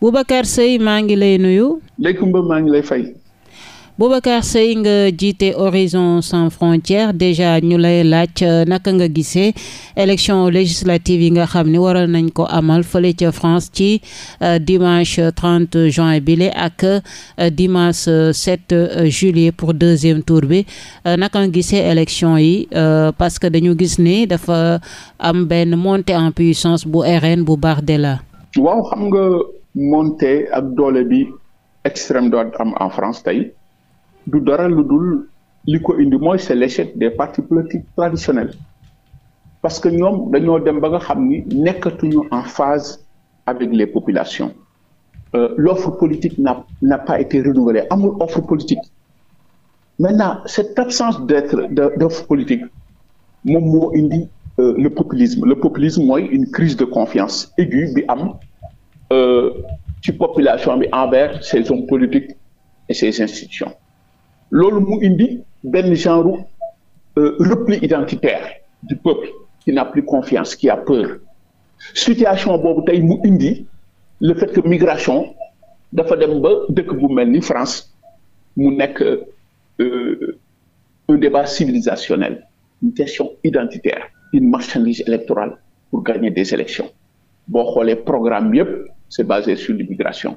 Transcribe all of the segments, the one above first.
Boubacar Seye maa ngi lay nuyu. Ndeye Comba maa ngi lay fay. Boubacar Seye nga jiite Horizon Sans Frontières déjà ñu lay laaj euh, naka nga gisee élection législative yi nga xam ni waral nañ ko amal fële ca France ci euh, dimanche 30 juin bile ak euh, dimanche 7 juillet pour deuxième tour bi naka nga gisee élection yi parce que dañu gis ni dafa am benn montée en puissance bu RN bu Bardella. waaw xam montée ak doole bi extrême droite am en France tey du dara lu dul li ko indi mooy c'est l'échec des partis politiques traditionnels parce que ñoom dañoo dem ba nga xam ni nekkatuñu en phase avec les populations euh, l'offre politique n'a n'a pas été renouvelée amul offre politique maintenant cette absence d'être d'offre politique moom moo indi euh, le populisme le populisme mooy une crise de confiance aiguë bi am Euh, ci population bi envers ses hommes politiques et ses institutions loolu mu indi benn genre euh, repli identitaire du peuple qui n'a plus confiance qui a peur situation boobu tey mu indi le fait que migration dafa dem ba dëkk bu mel ni France mu nekk euh, un débat civilisationnel une question identitaire une marchandise électorale pour gagner des élections boo xoolee programme yëpp c'est basé sur l'immigration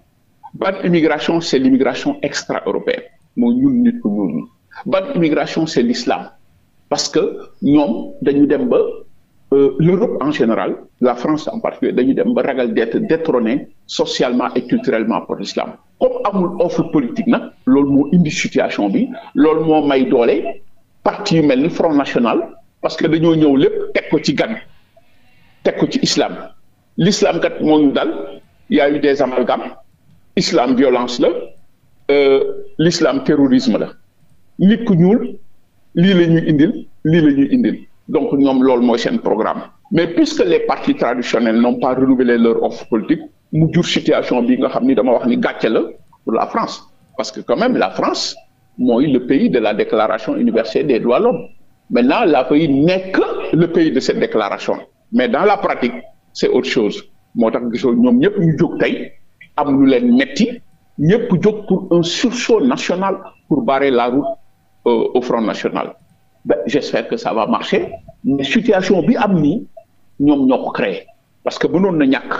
ban immigration c'est l'immigration extra-européenne moo ñun nit ku ñuul ñi ban immigration c'est l'islam parce que ñoom dañu dem ba euh, l'Europe en général la France en particulier dañu dem ba ragal d'être détrôné socialement et culturellement par l'islam comme amul offre politique nag loolu moo indi situation bi loolu moo may doole parti yu mel ni Front National parce que dañoo ñëw lépp teg ko ci gan teg ko ci islaam l'islam kat il y a eu des amalgames islam violence la euh, l'islam terrorisme la nit ku ñuul lii la ñu indil lii la ñu indil donc ñoom loolu moo seen programme mais puisque les partis traditionnels n'ont pas renouvelé leur offre politique mu jur situation bi nga xam ni dama wax ni gàcce la pour la France parce que quand même la France mooy le pays de la déclaration universelle des droits de l'homme maintenant la pays n'est que le pays de cette déclaration mais dans la pratique c'est autre chose moo tax gisoo ñoom ñëpp ñu jóg tey am lu leen metti ñëpp jóg pour un sursaut national pour barrer la route euh, au Front National ben j'espère que ça va marcher situation bi am nii ñoom ñoo ko parce que mënoon na ñàkk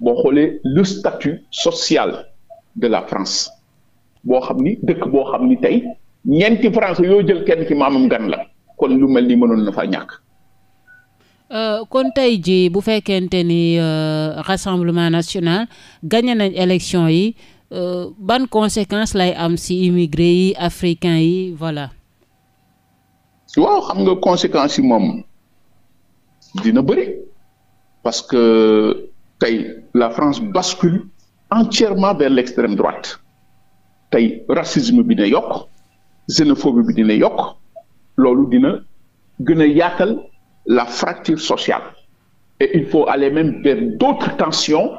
boo xoolee le statut sociale de la France boo xam ni dëkk boo xam ni tey ñeenti France yoo jël kenn ci maamam gan la kon lu mel nii mënoon na faa ñàkk Euh, kon tey jii bu fekkente ni euh, rassemblement national gagné nañ élection yi euh, ban conséquence lay am si immigré yi africain yi voilà. waaw xam nga conséquence yi moom dina bëri parce que tey la France bascule entièrement vers l'extrême droite tey racisme bi dina yokk xénophobie bi dina yokk loolu dina gën yaatal. la fracture sociale. Et il faut aller même vers d'autres tensions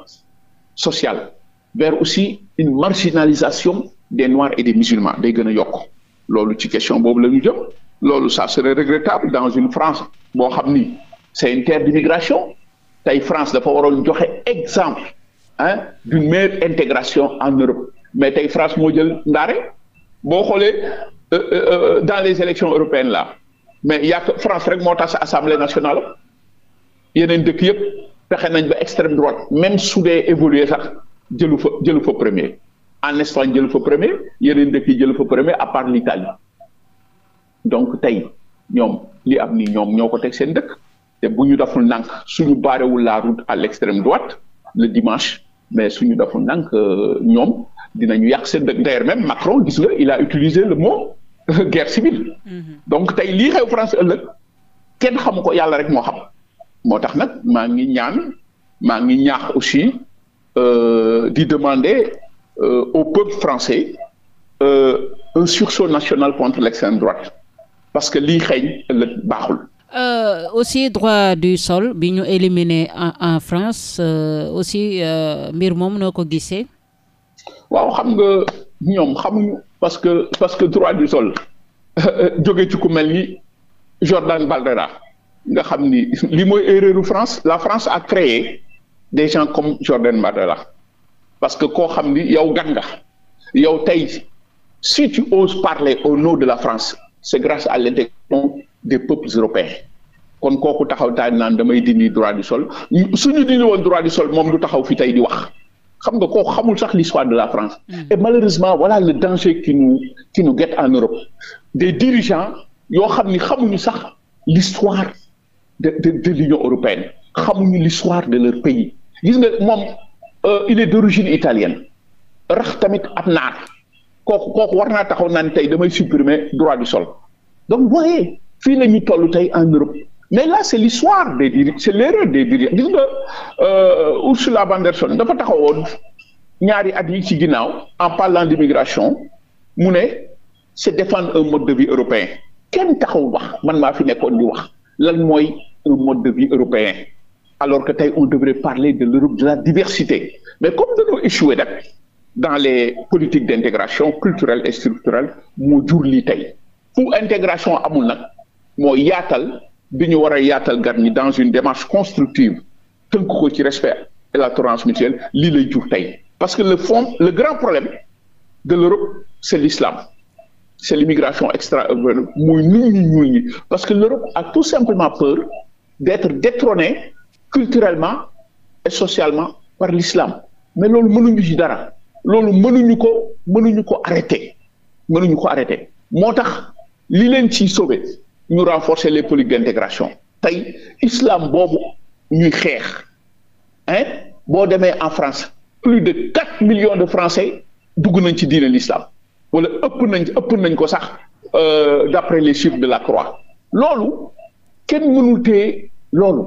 sociales, vers aussi une marginalisation des Noirs et des musulmans, des gën a yokk loolu ci question boobu la ñu jëm loolu ça serait regrettable dans une France boo xam ni c'est une terre d'immigration tey France dafa waroon joxe exemple hein d'une meilleure intégration en Europe mais tey France moo jël ndaare boo xoolee euh, euh, euh, dans les élections européennes là mais y' a France rek moo tax sa assemblée nationale yeneen dëkk yëpp fexe nañ ba extrême droite même su dee sax jëlu fa jëlu fa premier en Espagne jëlu fa premier yeneen dëkk yi jëlu fa premier à part l'Italie donc tey ñoom li am ni ñoom ñoo ko teg seen dëkk te bu ñu deful ndànk suñu baarewul la route à l' extrême droite le dimanche mais suñu deful ndànk euh, ñoom dinañu yàq seen dëkk d'ailleurs même Macron gis nga il a utilisé le mot guerre civile. Mhm. donc tey lii xew France ëllëg kenn xamu ko yàlla rek moo xam. moo tax nag maa ngi ñaan maa ngi ñaax aussi euh, di demander euh, au peuple français euh, un sursaut national contre l'extrême droite parce que lii xeeñ ëllëg baaxul. Euh, aussi droit du sol bi ñu éliminé en, en France euh, aussi mbir moom noo ko gisee. waaw xam nga ñoom xamuñu parce que parce que droit du sol jóge ci ku mel ni Jordan Bardella nga xam ni lii mooy erreur France la France a créé des gens comme Jordan Bardella parce que koo xam ni yow gan nga yow tey si tu oses parler au nom de la France c'est grâce à l'intégration des peuples européens kon kooku taxaw taan naan damay dindi droit du sol suñu dindi woon droit du sol moom du taxaw fi tey di wax xam nga koo xamul sax l'histoire de la France mm. et malheureusement voilà le danger qui nous qui nous guette en Europe des dirigeants yoo xam ni xamuñu sax l'histoire de de de l'Union européenne xamuñu l'histoire de leur pays gis nga moom euh, il est d'origine italienne rax tamit ab naar kooku kooku war naa taxaw naan tey damay supprimer droit du sol donc vous voyez fii la ñu toll tey en Europe mais là c' est l'histoire des dirigeants c' est l'erreur des dirigeants gis nga euh, Ursula von der Leyen dafa taxawoon ñaari at yi ci ginnaaw en parlant d' immigration mu ne c' est défendre un mode de vie européen kenn taxawul wax man maa fi nekkoon di wax lan mooy un mode de vie européen alors que tey on devrait parler de l'Europe de la diversité mais comme dañoo échoué dans les politiques d' intégration culturelle et structurelle moo jur lii tey fu intégration amul nag moo yaatal bi ñu war a yaatal gan ñi dans une démarche constructive tënk ko ci respect et la tolérance mutuelle lii lay jur tey parce que le fond le grand problème de l'Europe c'est l'islam c'est l'immigration extra euh, euh, muy nit ñi ñuul ñi parce que l'Europe a tout simplement peur d'être détrônée culturellement et socialement par l'islam mais loolu mënuñu ci dara loolu mënuñu ko mënuñu ko arrêter mënuñu ko arrêter moo tax li leen ciy sauver ñu renforcer les politiques d'intégration tey islam boobu ñuy xeex hein boo demee en France plus de quatre millions de Français dugg nañ ci diine l'islam wala ëpp nañ ëpp nañ ko sax euh, d'après les chiffres de la Croix loolu kenn mënul téye loolu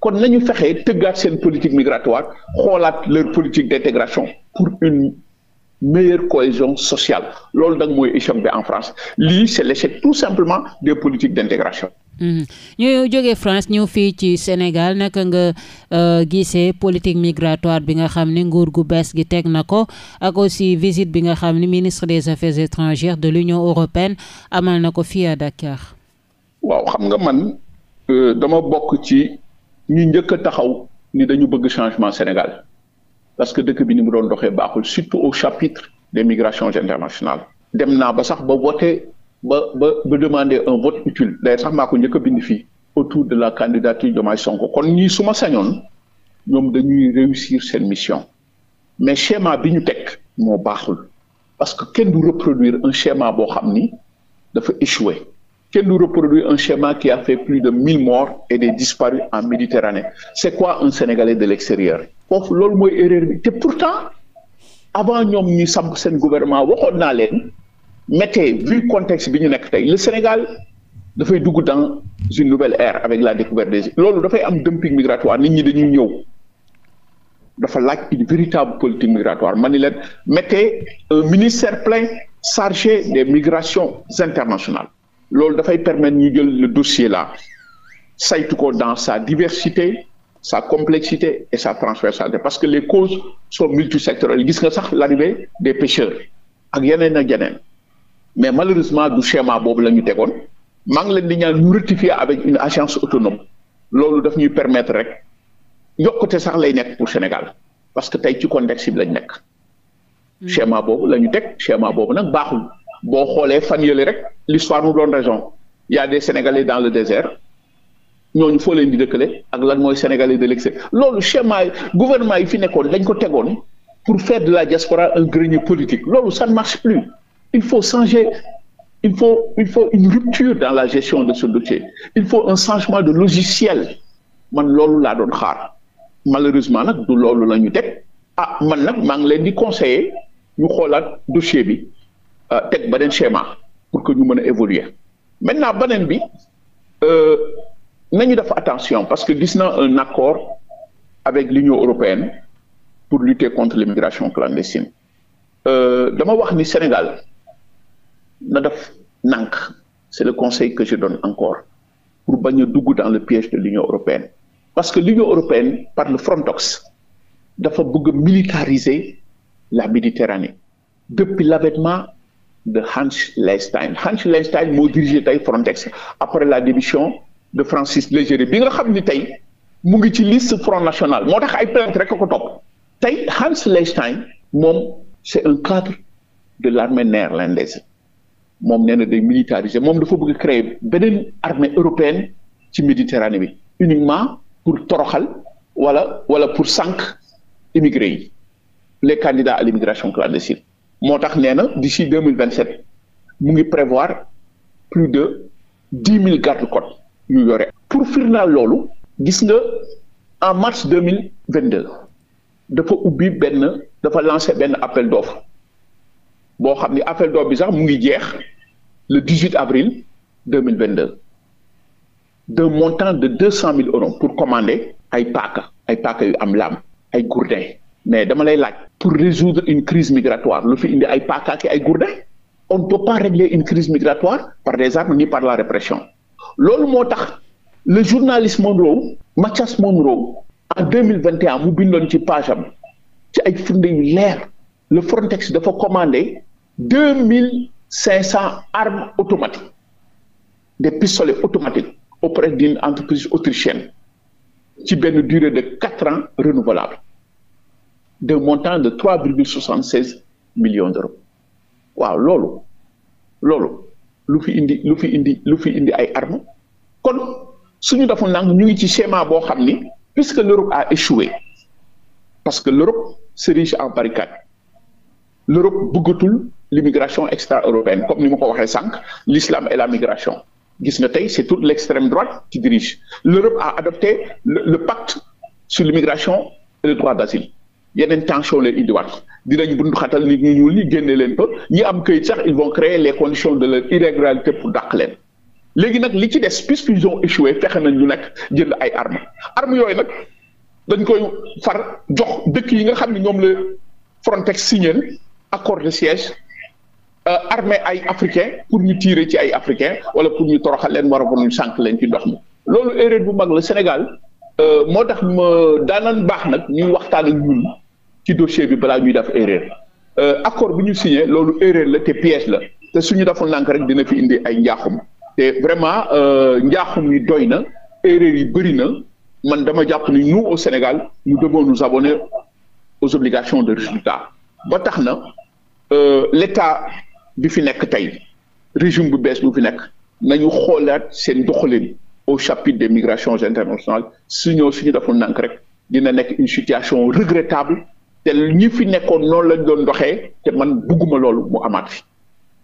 kon nañu fexe tëggaat seen politique migratoire xoolaat leur politique d'intégration pour une meilleure cohésion sociale loolu nag mooy échec bi en France lii c'est l'échec tout simplement des politiques d'intégration mhm. ñu jógee France ñëw fii ci Sénégal naka nga euh, gisee politique migratoire bi nga xam ne nguur gu bees gi teg na ko ak aussi visite bi nga xam ni ministre des affaires étrangères de l'Union européenne amal na ko fii à Dakar waaw xam nga man euh, dama bokk ci ñu njëkk taxaw ni dañu bëgg changement Sénégal parce que dëkk bi ni mu doon doxee baaxul surtout au chapitre des migrations internationales dem naa ba sax ba voté ba ba ba demander un vote utile d'ailleurs sax maa ko njëkk a bind fii autour de la candidature Diomaye Sonko kon ñii suma sañoon ñoom dañuy réussir seen mission mais schéma bi ñu teg moo baaxul parce que kenn du reproduire un schéma boo xam ni dafa échoué kenn du reproduire un schéma qui a fait plus de mille morts et des disparus en Méditerranée c'est quoi un Sénégalais de l'extérieur foofu loolu mooy erreur bi te pourtant avant ñoom ñuy samp seen gouvernement waxoon naa leen mettez vu contexte bi ñu nekk tey le Sénégal dafay dugg dans une nouvelle ère avec la découverte des loolu dafay am dumping migratoire nit ñi dañuy ñëw dafa laaj une véritable politique migratoire ma ni leen mettez un ministère plein chargé des migrations internationales loolu dafay permettre ñu jël le dossier là saytu ko dans sa diversité sa complexité et sa transversalité parce que les causes sont multisectorielles gis nga sax l'arrivée des pêcheurs ak yeneen ak yeneen mais malheureusement du schéma boobu la ñu tegoon maa ngi leen di ñaan ñu rectifier avec une agence autonome loolu daf ñuy permettre rek yokkute sax lay nekk pour Sénégal parce que tey ci contexte bi lañ nekk. Hmm. schéma boobu la ñu teg schéma boobu nag baaxul boo xoolee fan yële rek l'histoire nous donne raison il y a des dans le désert. ñooñu foo leen di dëkkale ak lan mooy sénégalais de l'extérieur loolu schéma gouvernement yi fi nekkoon dañ ko tegoon pour faire de la diaspora un grenier politique loolu ça ne marche plus il faut changer il faut il faut une rupture dans la gestion de ce dossier il faut un changement de logiciel man loolu laa doon xaar malheureusement nag du loolu la ñu teg ah man nag maa ngi leen di conseiller ñu xoolaat dossier bi euh, teg ba beneen schéma pour que ñu mën a évoluer maintenant bi. Euh, mais ñu def attention parce que gis na un accord avec l'Union européenne pour lutter contre l'immigration clandestine euh, dama wax ni Sénégal na def nànk c'est le conseil que je donne encore pour bañ a dugg dans le piège de l'Union européenne parce que l'Union européenne par le Frontex dafa bëgg a militariser la Méditerranée depuis l'avènement de Hans Leystein Hans Leystein moo dirigé tey Frontex après la démission de Francis Légerie bi nga xam ni tey mu ngi ci liste Front National moo tax ay plainte rek ko topp tey Hans Leystein moom c'est un cadre de l'armée néerlandaise moom nee na day militariser moom dafa bëgg créer beneen armée européenne ci Méditerranée bi uniquement pour toroxal wala wala pour sànq immigré yi les candidats à l'immigration clandestine moo tax nee na d'ici deux mille vingt sept mu ngi prévoir plus de dix mille gardes-côtes ñu yore. pour firnaal loolu gis nga en mars deux mille vingt dafa ubbi benn dafa lancé benn appel d'offre boo xam ni appel d'offre bi sax mu ngi jeex le dix huit avril deux mille vingt deux d'un montant de deux cent mille euros pour commander ay paaka ay paaka yu am laam ay gourdin mais dama lay laaj pour résoudre une crise migratoire lu fi indi ay paaka ak ay gourdin on ne peut pas régler une crise migratoire par des armes ni par la répression loolu moo tax le journaliste Monroe Mathias Monroe en deux mille vingt et un mu bindoon ci page ci ay firnde yu leer le Frontex dafa commandé deux mille cinq cent armes automatiques des pistolets automatiques auprès d'une entreprise autrichienne ci benn durée de quatre ans renouvelable de montant de trois virgule soixante seize millions d'euros waaw loolu loolu lu fi indi lu fi indi lu fi indi ay armes kon suñu deful nang ñu ngi ci schéma boo xam ni puisque l'Europe a échoué parce que l'Europe s'érige en barricade l'Europe bëggatul l'immigration extra-européenne comme ni ma ko waxee sànq l'islam et la migration gis nga tey c'est toute l'extrême droite qui dirige l'Europe a adopté le, le pacte sur l'immigration et le droit d'asile yeneen tension leen indiwaat dinañ bundu xatal nit ñu ñuul ñi génne leen ko ñi am këyit sax ils vont créer les conditions de leur irrégularité pour dàq leen léegi nag li ci des puisqu'ils ont échoué fexe nañ ñu nekk jënd ay armes armes yooyu nag dañ koy far jox dëkk yi nga xam ne ñoom la Frontex signé accord de siège euh, armée ay africain pour ñu tirer ci ay africain wala pour ñu toroxal leen war a ñu sànq leen ci ndox mi loolu erreur bu mag la Sénégal euh, moo tax ma daanan baax nag ñuy waxtaan ci dossier bi balaa ñuy def erreur euh, accord bi ñu signé loolu erreur la te piège la te suñu defoon lànk rek dina fi indi ay njaaxum te vraiment euh, njaaxum yi doy na erreur yi bëri na man dama jàpp ni nous au Sénégal ñu devons nous abonner aux obligations de résultat ba tax na euh, l'état bi fi nekk tey régime bu bees bu fi nekk nañu xoolaat seen doxalin au chapitre des migrations internationales sinon suñu defoon nank rek dina nekk une situation regrettable te ñi fi nekkoon noonu lañ doon doxee te man bugguma loolu mu amaat fi.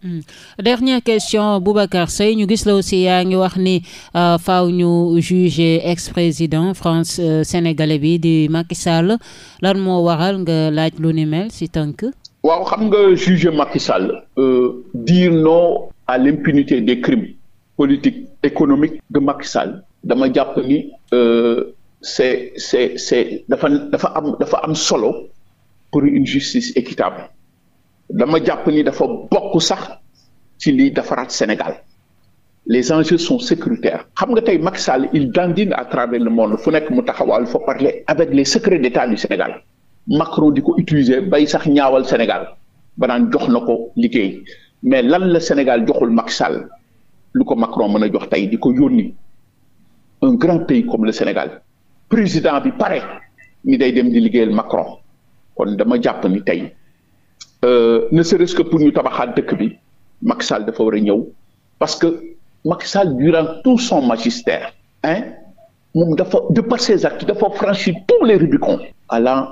Mmh. dernière question Boubacar Seye ñu gis la aussi yaa ngi wax ni euh, faw ñu juger ex-président France euh, sénégalais bi di Macky lan moo waral nga laaj lu ni mel si tënk. waaw xam nga juger Macky Sall. Euh, dire non à l'impunité des crimes politiques économiques de Macky Sall dama jàpp ni euh, c'est c'est c'est dafa dafa am dafa am solo. pour une justice équitable dama jàpp ni dafa bokk sax ci lii defaraat Sénégal les enjeux sont sécuritaires xam nga tey Macky Sall il dandine à travers le monde fu nekk mu taxawal il faut parler avec les secrets d'État du Sénégal Macron di ko utiliser bay sax ñaawal Sénégal ba naan jox na ko liggéey mais lan la Sénégal joxul Macky Sall lu ko Macron mën a jox tey di ko yónni un grand pays comme le Sénégal président bi pare ni day dem di liggéeyal Macron kon dama jàpp ni tey euh, ne serait-ce que pour ñu tabaxaat dëkk bi Macky Sall dafa war a ñëw parce que Macky Sall durant tout son magistère hein moom dafa de par ses actes dafa franchir tous les rubicons allant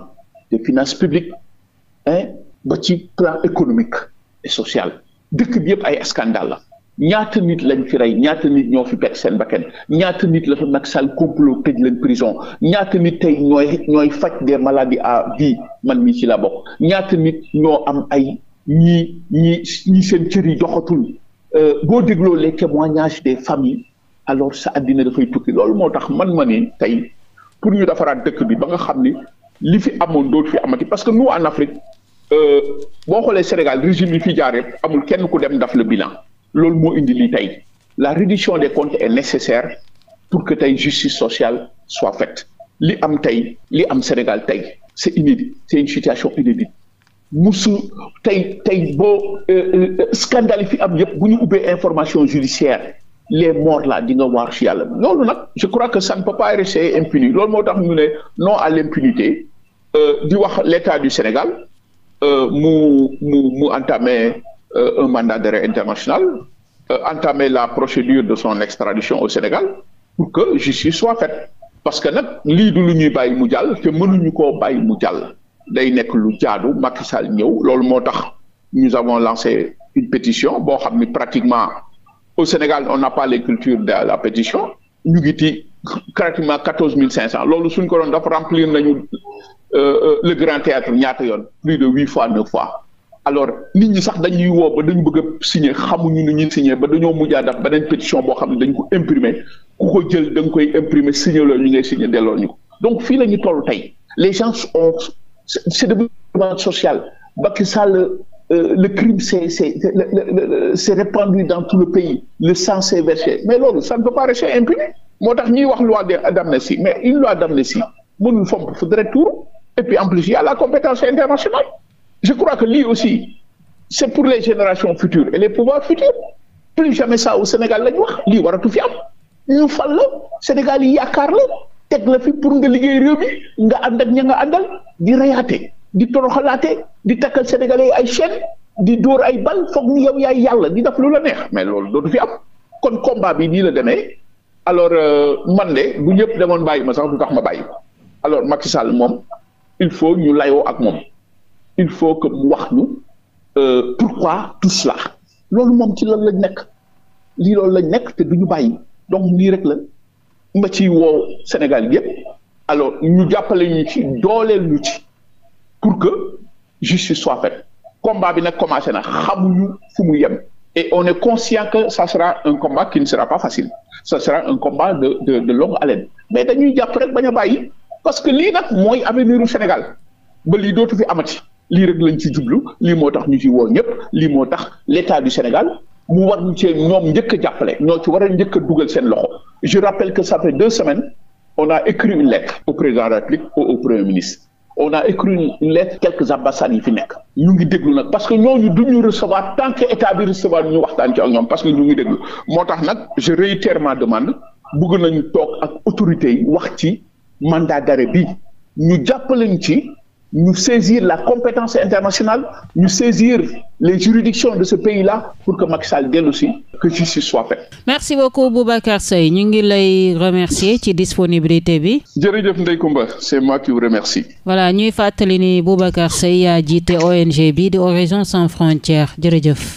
des finances publiques hein ba ci plan économique et social dëkk bi yëpp ay scandale la ñaata nit lañ fi rey ñaata nit ñoo fi perte seen bakkan ñaata nit la fa Macky Sall complot tëj leen prison ñaata nit tey ñooy ñooy faj des maladies à vie man mii ci la bokk ñaata nit ñoo am ay ñii ñii ñii seen cër yi joxatul euh, boo dégloo les témoignages des familles alors sa àddina dafay tukki loolu moo tax man ma ni tey pour ñu defaraat dëkk bi ba nga xam ni li fi amoon dootu fi amati parce que nous en Afrique euh, boo xoolee Sénégal régime yi fi jaar yëpp amul kenn ku dem daf le bilan. loolu moo indi lii tey la reddition des comptes est nécessaire pour que tey justice sociale soit faite li am tey li am Sénégal tey c'est inédit c'est une situation inédite musu tey tey boo euh, euh, euh, scandale yi fi am yëpp bu ñu ubbee information judiciaire les morts là di nga waar si yàlla loolu nag je crois que ça ne peut pas rester impuni loolu moo tax ñu ne non à l'impunité di wax l'état du Sénégal mu mu mu Euh, un mandat d'arrêt international, euh, entamer la procédure de son extradition au Sénégal pour que justice soit faite parce que nag lii du lu ñuy bàyyi mu jàll te ñu koo bàyyi mu jàll day nekk lu jaadu Macky ñëw loolu moo tax nous avons lancé une pétition boo xam ni pratiquement au Sénégal on n'a pas les cultures de la pétition ñu ngi ci pratiquement quatorze mille cinq cent loolu suñ ko doon dafa remplir nañu euh, le grand théâtre ñaata yoon plus de huit fois neuf fois alors nit ñi sax dañuy woo ba dañu bëgg a signé xamuñu nu ñuy signé ba dañoo mujjaa daf beneen pétition boo xam ne dañ ko imprimer ku ko jël da nga koy imprimer signé loo ñu ngay signé delloo ñu ko donc fii la ñu toll tey les gens ont c'est développement social Macky Sall euh, le crime c'est c'est c'est répandu dans tout le pays le sang s'est versé mais loolu ça ne peut pas rester moo tax ñuy wax loi d'amnistie mais une loi d'amnistie mënul fomp fu dara tuur et puis a je crois que lii aussi c'est pour les générations futures et les pouvoirs futurs plus jamais saaw au Sénégal lañ wax lii waratu fi am ñu fal la Sénégal yi yaakaar la teg la fi pour nga liggéey réew mi nga ànd ak ña nga àndal di reyaate di toroxalaate di takkal sénégalais ay chaîne di dóor ay bal foog ni yow yaay yàlla di def lu la neex mais loolu dootu fi am kon combat bi nii la demee alors euh, man de bu ñëpp demoon bàyyi ma sax du tax ma bàyyi ko alors Macky moom il faut ñu layoo ak moom. il faut que mu wax ñu euh, pourquoi tout la loolu moom ci lan lañ nekk lii loolu lañ nekk te du ñu bàyyi donc lii rek la ma ci woo Sénégal yëpp alors ñu jàppale ñu ci dooleel ñu ci pour que justice soit faite combat bi nag commencé na xamuñu fu mu yem et on est conscient que ça sera un combat qui ne sera pas facile ça sera un combat de de de longue haleine mais dañuy jàpp rek bañ a bàyyi parce que lii nag mooy avenir u Sénégal ba lii dootu fi amati. lii rek lañ ci jublu lii moo tax ñu ci woo ñëpp lii moo tax l'état du Sénégal mu war ñu cee ñoom njëkk jàppale ñoo ci war a njëkk a dugal seen loxo je rappelle que ça fait deux semaines on a écrit une lettre au président de la République ou au premier ministre on a écrit une lettre quelques ambassades yi fi nekk ñu ngi déglu nag parce que ñoo ñu du ñu recevoir tant que état bi recevoir ñu waxtaan ci ak ñoom parce que ñu ngi déglu moo tax nag je réitère bëgg nañu toog ak autorités yi wax ci mandat d'arrêt bi ñu jàppaleñ ci ñu saisir la compétence internationale ñu saisir les juridictions de ce pays-là pour que Macky Sall dellu si que justice soit faite. merci beaucoup Boubacar Seye ñu ngi lay remercier ci disponibilité bi. jërëjëf Ndeye Comba c'est moi qui vous remercie. voilà ñuy fàttali ni Boubacar Seye yaa jiite ONG bi di Horizon Sans Frontières jërëjëf.